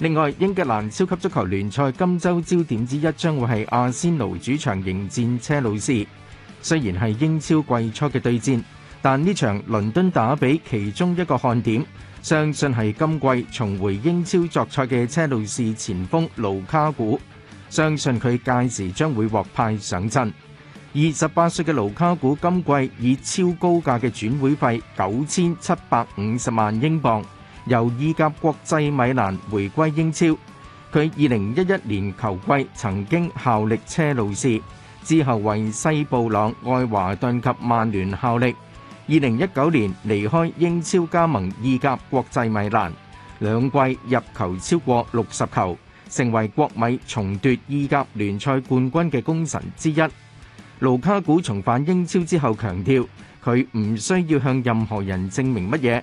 另外，英格蘭超級足球聯賽今周焦點之一將會係阿仙奴主場迎戰車路士。雖然係英超季初嘅對戰，但呢場倫敦打比其中一個看點，相信係今季重回英超作賽嘅車路士前鋒盧卡古。相信佢屆時將會獲派上陣。二十八歲嘅盧卡古今季以超高價嘅轉會費九千七百五十萬英鎊。由意甲國際米蘭回歸英超，佢二零一一年球季曾經效力車路士，之後為西布朗、愛華頓及曼聯效力。二零一九年離開英超加盟意甲國際米蘭，兩季入球超過六十球，成為國米重奪意甲聯賽冠軍嘅功臣之一。盧卡古重返英超之後強調，佢唔需要向任何人證明乜嘢。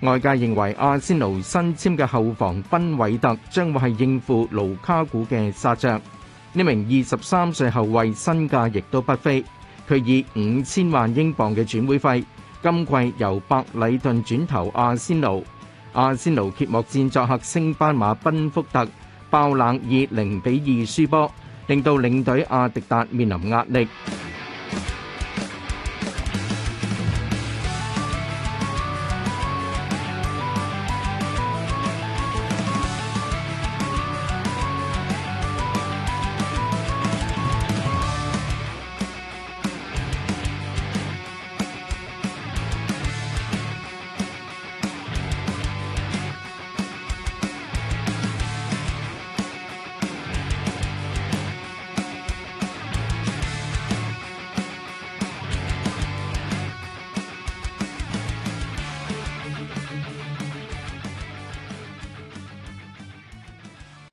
外界認為阿仙奴新簽嘅後防賓偉特將會係應付盧卡古嘅殺着。呢名二十三歲後衛身價亦都不菲，佢以五千萬英鎊嘅轉會費，今季由百里頓轉投阿仙奴。阿仙奴揭幕戰作客升班馬賓福特爆冷以零比二輸波，令到領隊阿迪達面臨壓力。